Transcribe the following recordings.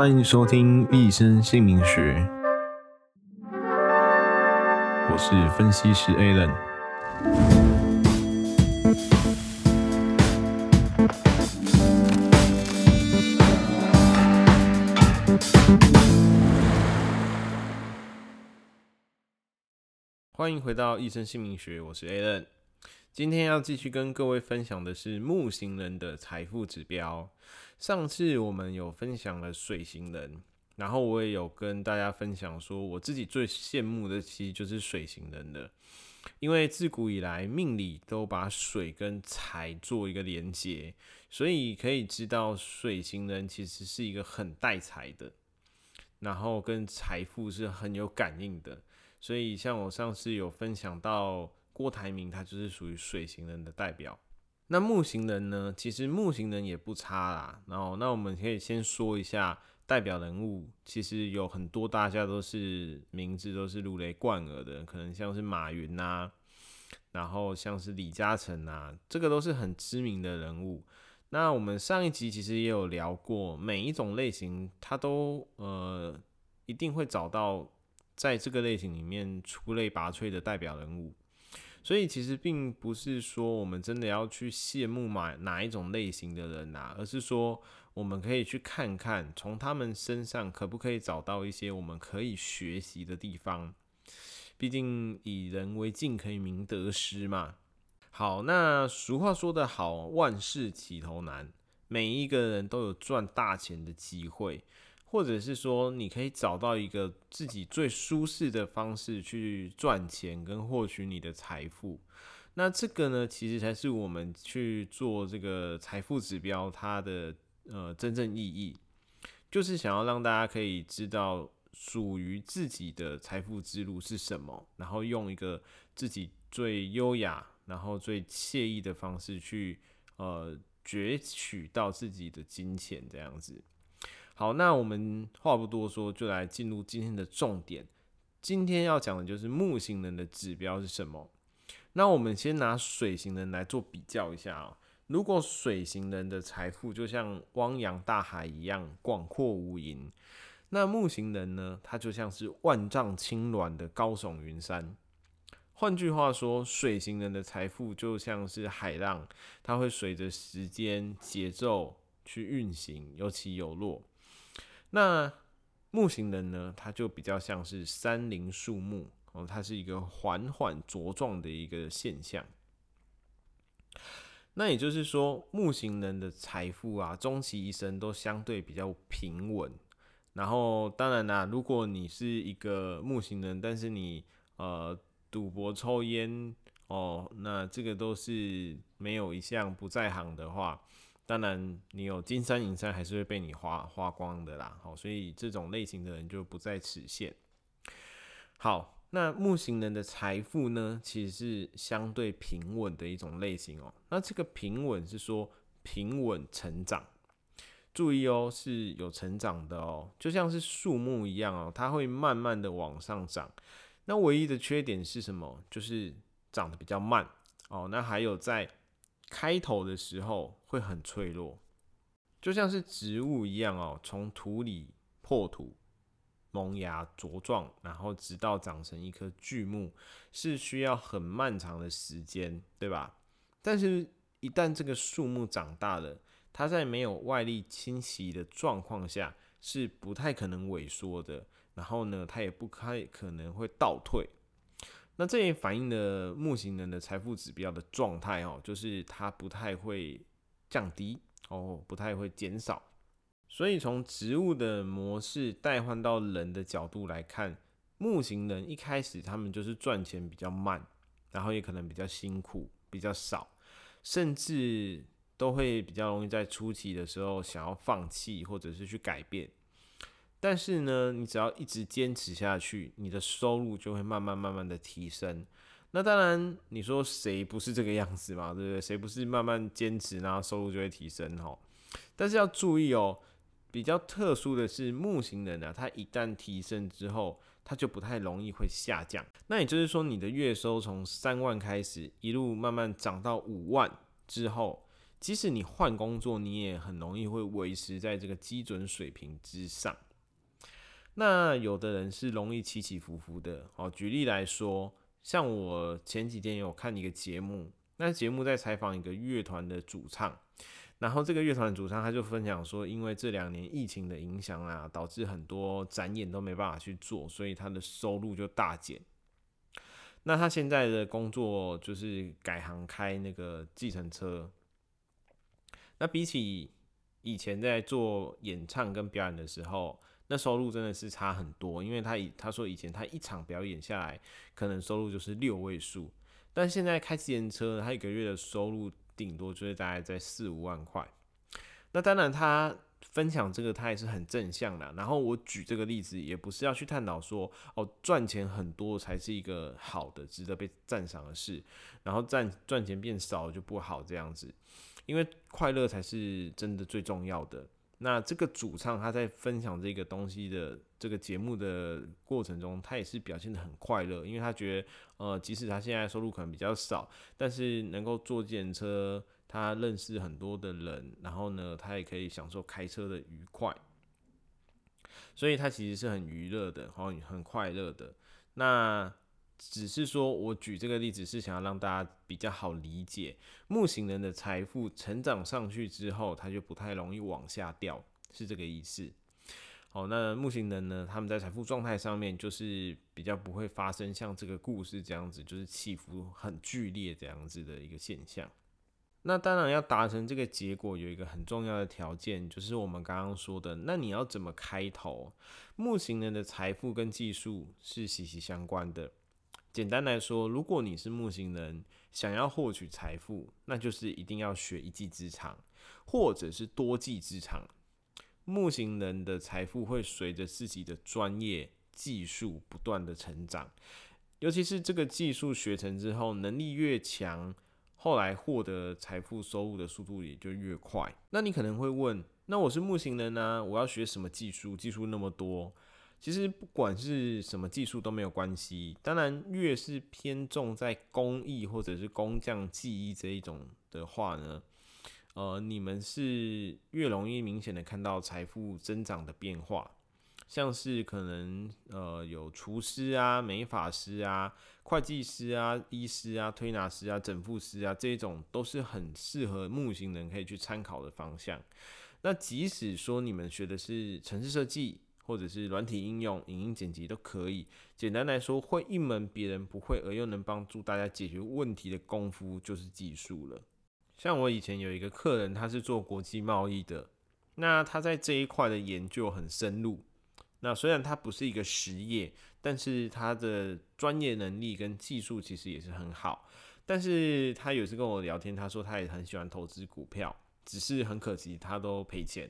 歡迎收聽《一生姓名學》，我是分析師 Alan。歡迎回到《一生姓名學》，我是 Alan。今天要繼續跟各位分享的是木型人的財富指標。上次我們有分享了水型人，然後我也有跟大家分享說，我自己最羨慕的其實就是水型人的，因為自古以來命理都把水跟財做一個連接，所以可以知道水型人其實是一個很帶財的，然後跟財富是很有感應的。所以像我上次有分享到。郭台銘，他就是屬於水型人的代表。那木型人呢？其實木型人也不差啦。然後，那我們可以先說一下代表人物，其實有很多大家都是名字都是如雷貫耳的，可能像是馬雲吶、啊，然後像是李嘉誠吶，這個都是很知名的人物。那我們上一集其實也有聊過，每一種類型，他都呃一定會找到在這個類型裡面出類拔萃的代表人物。所以其實並不是說我們真的要去羨慕買哪一種類型的人吶、啊，而是說我們可以去看看，從他們身上可不可以找到一些我們可以學習的地方。畢竟以人為鏡可以明得失嘛。好，那俗話說得好，萬事起頭難，每一個人都有賺大錢的機會。或者是說，你可以找到一個自己最舒適的方式去賺錢跟獲取你的財富。那這個呢，其實才是我們去做這個財富指標它的呃真正意義，就是想要讓大家可以知道屬於自己的財富之路是什麼，然後用一個自己最優雅、然後最愜意的方式去呃攫取到自己的金錢這樣子。好，那我們話不多說，就來進入今天的重點。今天要講的就是木型人的指標是什麼？那我們先拿水型人來做比較一下啊。如果水型人的財富就像汪洋大海一樣廣闊無垠，那木型人呢，它就像是萬丈青巒的高聳雲山。換句話說，水型人的財富就像是海浪，它會隨着時間節奏去運行，有起有落。那木型人呢？他就比較像是山林樹木哦，它是一個緩緩茁壯的一個現象。那也就是說，木型人的財富啊，終其一生都相對比較平穩。然後，當然啦、啊，如果你是一個木型人，但是你呃賭博抽、抽煙哦，那這個都是沒有一項不在行的話。當然，你有金山銀山，還是會被你花花光的啦。好，所以這種類型的人就不在此限。好，那木型人的財富呢，其實是相對平穩的一種類型哦。那這個平穩是說平穩成長，注意哦，是有成長的哦，就像是樹木一樣哦，它會慢慢的往上長。那唯一的缺點是什麼？就是長得比較慢哦。那還有在開頭的時候會很脆弱，就像是植物一樣哦，從土裡破土、萌芽、茁壯，然後直到長成一棵巨木，是需要很漫長的時間，對吧？但是，一旦這個樹木長大了，它在沒有外力侵襲的狀況下，是不太可能萎縮的。然後呢，它也不太可能會倒退。那這也反映了木型人的財富指標的狀態哦，就是它不太會降低哦，不太會減少。所以從植物的模式代換到人的角度來看，木型人一開始他們就是賺錢比較慢，然後也可能比較辛苦、比較少，甚至都會比較容易在初期的時候想要放棄或者是去改變。但是呢，你只要一直堅持下去，你的收入就會慢慢慢慢的提升。那當然，你說誰不是這個樣子嘛？對不對？誰不是慢慢堅持，然後收入就會提升哈。但是要注意哦、喔，比較特殊的是木型人啊，他一旦提升之後，他就不太容易會下降。那也就是說，你的月收從三萬開始，一路慢慢漲到五萬之後，即使你換工作，你也很容易會維持在這個基準水平之上。那有的人是容易起起伏伏的。好，舉例來說，像我前幾天有看一個節目，那節目在採訪一個樂團的主唱，然後這個樂團主唱他就分享說，因為這兩年疫情的影響啊，導致很多展演都沒辦法去做，所以他的收入就大減。那他現在的工作就是改行開那個計程車。那比起以前在做演唱跟表演的時候，那收入真的是差很多，因為他以他說以前他一場表演下來，可能收入就是六位數，但現在開自行車，他一個月的收入頂多就是大概在四五萬塊。那當然他分享這個他也是很正向的，然後我舉這個例子也不是要去探討說哦，賺錢很多才是一個好的值得被讚賞的事，然後賺賺錢變少就不好這樣子，因為快樂才是真的最重要的。那這個主唱他在分享這個東西的這個節目的過程中，他也是表現得很快樂，因為他覺得，呃，即使他現在收入可能比較少，但是能夠坐計程車，他認識很多的人，然後呢，他也可以享受開車的愉快，所以他其實是很娛樂的，然後很快樂的。那。只是說，我舉這個例子是想要讓大家比較好理解。木型人的財富成長上去之後，他就不太容易往下掉，是這個意思。好，那木型人呢，他們在財富狀態上面就是比較不會發生像這個故事這樣子，就是起伏很劇烈這樣子的一個現象。那當然要達成這個結果，有一個很重要的條件，就是我們剛剛說的，那你要怎麼開頭？木型人的財富跟技術是息息相關的。簡單來說，如果你是木型人，想要獲取財富，那就是一定要學一技之長，或者是多技之長。木型人的財富會隨着自己的專業技術不斷的成長，尤其是這個技術學成之後，能力越強，後來獲得財富收入的速度也就越快。那你可能會問，那我是木型人呢、啊？我要學什麼技術？技術那麼多？其實不管是什麼技術都沒有關係，當然越是偏重在工藝或者是工匠技藝這一種的話呢，呃，你們是越容易明顯的看到財富增長的變化，像是可能呃有廚師啊、美髮師啊、會計師啊、醫師啊、推拿師啊、整復師啊這種都是很適合木型人可以去參考的方向。那即使說你們學的是城市設計。或者是軟體應用、影音剪輯都可以。簡單來說，會一門別人不會而又能幫助大家解決問題的功夫，就是技術了。像我以前有一個客人，他是做國際貿易的，那他在這一塊的研究很深入。那雖然他不是一個實業，但是他的專業能力跟技術其實也是很好。但是他有時跟我聊天，他說他也很喜歡投資股票，只是很可惜他都賠錢。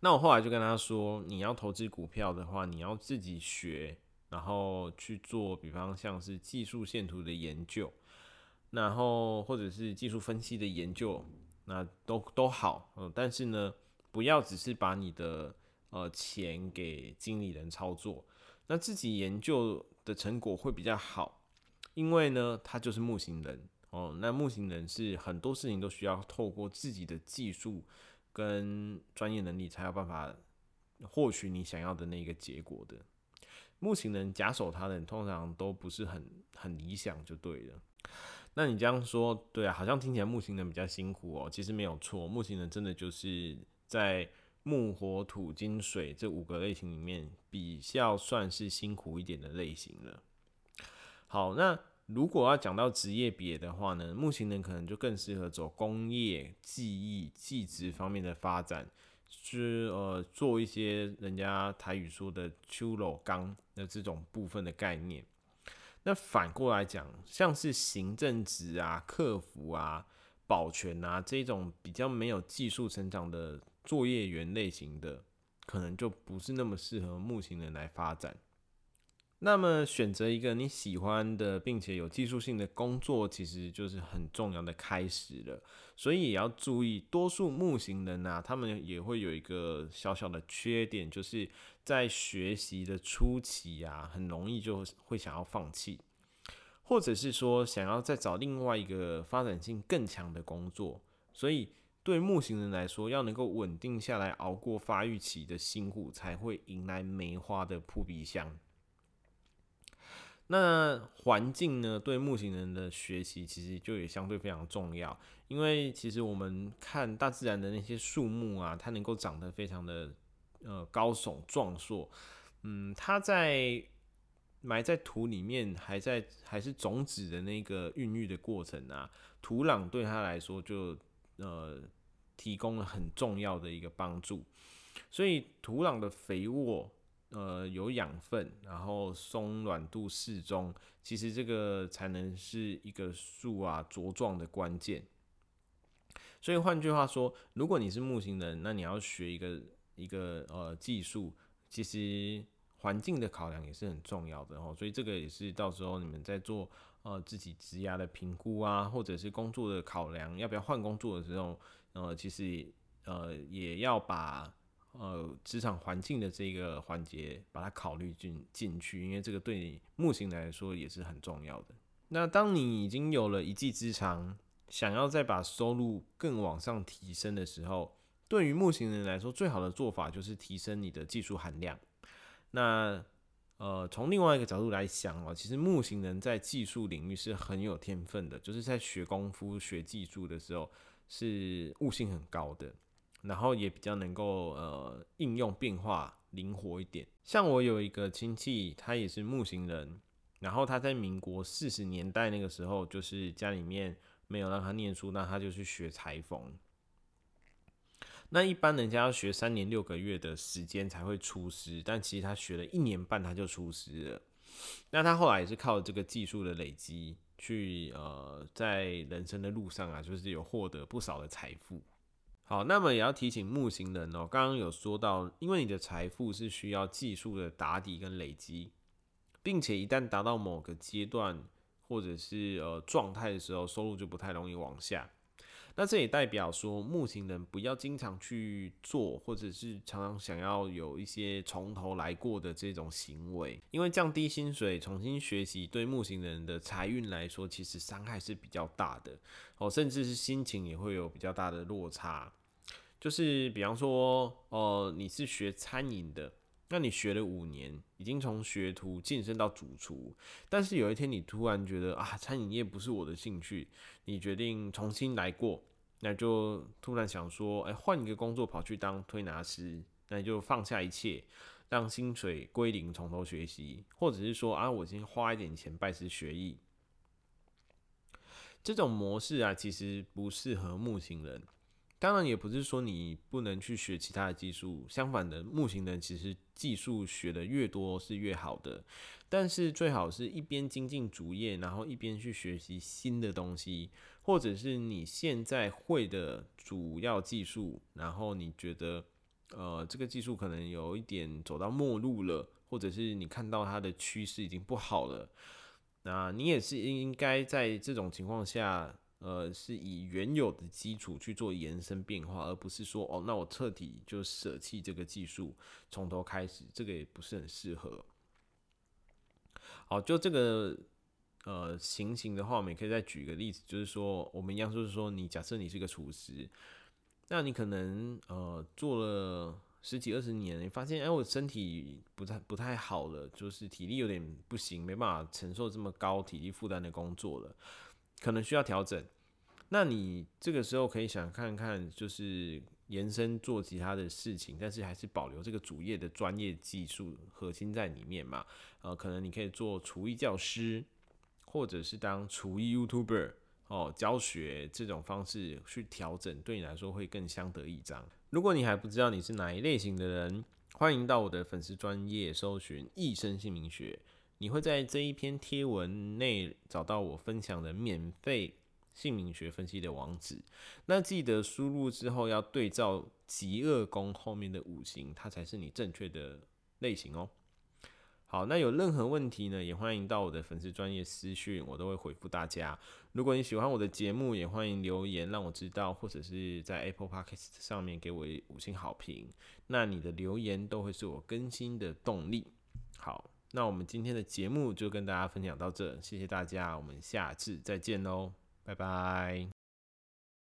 那我後來就跟他說，你要投資股票的話，你要自己學，然後去做，比方像是技術線圖的研究，然後或者是技術分析的研究，那都都好，嗯、呃，但是呢，不要只是把你的呃錢給經理人操作，那自己研究的成果會比較好，因為呢，他就是木型人哦，那木型人是很多事情都需要透過自己的技術。跟專業能力才有辦法獲取你想要的那個結果的。木型人假手他人，通常都不是很很理想，就對了。那你這樣說，對啊，好像聽起來木型人比較辛苦哦、喔。其實沒有錯，木型人真的就是在木、火、土、金、水這五個類型裡面，比較算是辛苦一點的類型了。好，那。如果要講到職業別的話呢，木型人可能就更適合走工業、技藝、技職方面的發展，是呃做一些人家台語說的粗老鋼的這種部分的概念。那反過來講，像是行政職啊、客服啊、保全啊這種比較沒有技術成長的作業員類型的，可能就不是那麼適合木型人來發展。那麼選擇一個你喜歡的，並且有技術性的工作，其實就是很重要的開始了。所以也要注意，多數木型人呢、啊，他們也會有一個小小的缺點，就是在學習的初期呀、啊，很容易就會想要放棄，或者是說想要再找另外一個發展性更強的工作。所以對木型人來說，要能夠穩定下來，熬過發育期的辛苦，才會迎來梅花的撲鼻香。那環境呢，對木型人的學習其實就也相對非常重要，因為其實我們看大自然的那些樹木啊，它能夠長得非常的呃高聳壯碩，嗯，它在埋在土裡面，還在還是種子的那個孕育的過程啊，土壤對它來說就呃提供了很重要的一個幫助，所以土壤的肥沃。呃，有養分，然後鬆軟度適中，其實這個才能是一個樹啊茁壯的關鍵。所以換句話說，如果你是木型人，那你要學一個一個呃技術，其實環境的考量也是很重要的哦。所以這個也是到時候你們在做呃自己職涯的評估啊，或者是工作的考量，要不要換工作的時候，呃，其實呃也要把。呃，職場環境的這個環節，把它考慮進進去，因為這個對你木型來說也是很重要的。那當你已經有了一技之長，想要再把收入更往上提升的時候，對於木型人來說，最好的做法就是提升你的技術含量。那呃，從另外一個角度來想哦，其實木型人在技術領域是很有天分的，就是在學功夫、學技術的時候，是悟性很高的。然後也比較能夠呃應用變化靈活一點。像我有一個親戚，他也是木型人，然後他在民國四十年代那個時候，就是家裡面沒有讓他念書，那他就去學裁縫。那一般人家要學三年六個月的時間才會出師，但其實他學了一年半他就出師了。那他後來也是靠這個技術的累積，去呃在人生的路上啊，就是有獲得不少的財富。好，那麼也要提醒木型人哦。剛剛有說到，因為你的財富是需要技術的打底跟累積，並且一旦達到某個階段或者是呃狀態的時候，收入就不太容易往下。那這也代表說木型人不要經常去做，或者是常常想要有一些從頭來過的這種行為，因為降低薪水、重新學習，對木型人的財運來說，其實傷害是比較大的。哦，甚至是心情也會有比較大的落差。就是比方說，哦、呃，你是學餐飲的，那你學了五年，已經從學徒晉升到主廚，但是有一天你突然覺得啊，餐飲業不是我的興趣，你決定重新來過，那就突然想說，哎、欸，換一個工作，跑去當推拿師，那就放下一切，讓薪水歸零，從頭學習，或者是說啊，我先花一點錢拜師學藝，這種模式啊，其實不適合木型人。當然也不是說你不能去學其他的技術，相反的，木型人其實技術學的越多是越好的，但是最好是一邊精進主業，然後一邊去學習新的東西，或者是你現在會的主要技術，然後你覺得呃，這個技術可能有一點走到末路了，或者是你看到它的趨勢已經不好了，那你也是應該在這種情況下。呃，是以原有的基礎去做延伸變化，而不是說哦，那我徹底就捨棄這個技術，從頭開始，這個也不是很適合。好，就這個呃情形的話，我們也可以再舉一個例子，就是說，我們一樣就是說，你假設你是個廚師，那你可能呃做了十幾二十年，你發現哎，我身體不太不太好了，就是體力有點不行，沒辦法承受這麼高體力負擔的工作了。可能需要調整，那你這個時候可以想看看，就是延伸做其他的事情，但是還是保留這個主業的專業技術核心在裡面嘛？呃，可能你可以做廚藝教師，或者是當廚藝 YouTuber 哦，教學這種方式去調整，對你來說會更相得益彰。如果你還不知道你是哪一類型的人，歡迎到我的粉絲專業搜尋一生姓名學。你會在這一篇貼文內找到我分享的免費姓名學分析的網址，那記得輸入之後要對照疾厄宮後面的五行，它才是你正確的類型哦。好，那有任何問題呢，也歡迎到我的粉絲專頁私訊，我都會回復大家。如果你喜歡我的節目，也歡迎留言讓我知道，或者是在 Apple Podcast 上面給我五星好評。那你的留言都會是我更新的動力。好。那我們今天的節目就跟大家分享到這，謝謝大家，我們下次再見嘍，拜拜。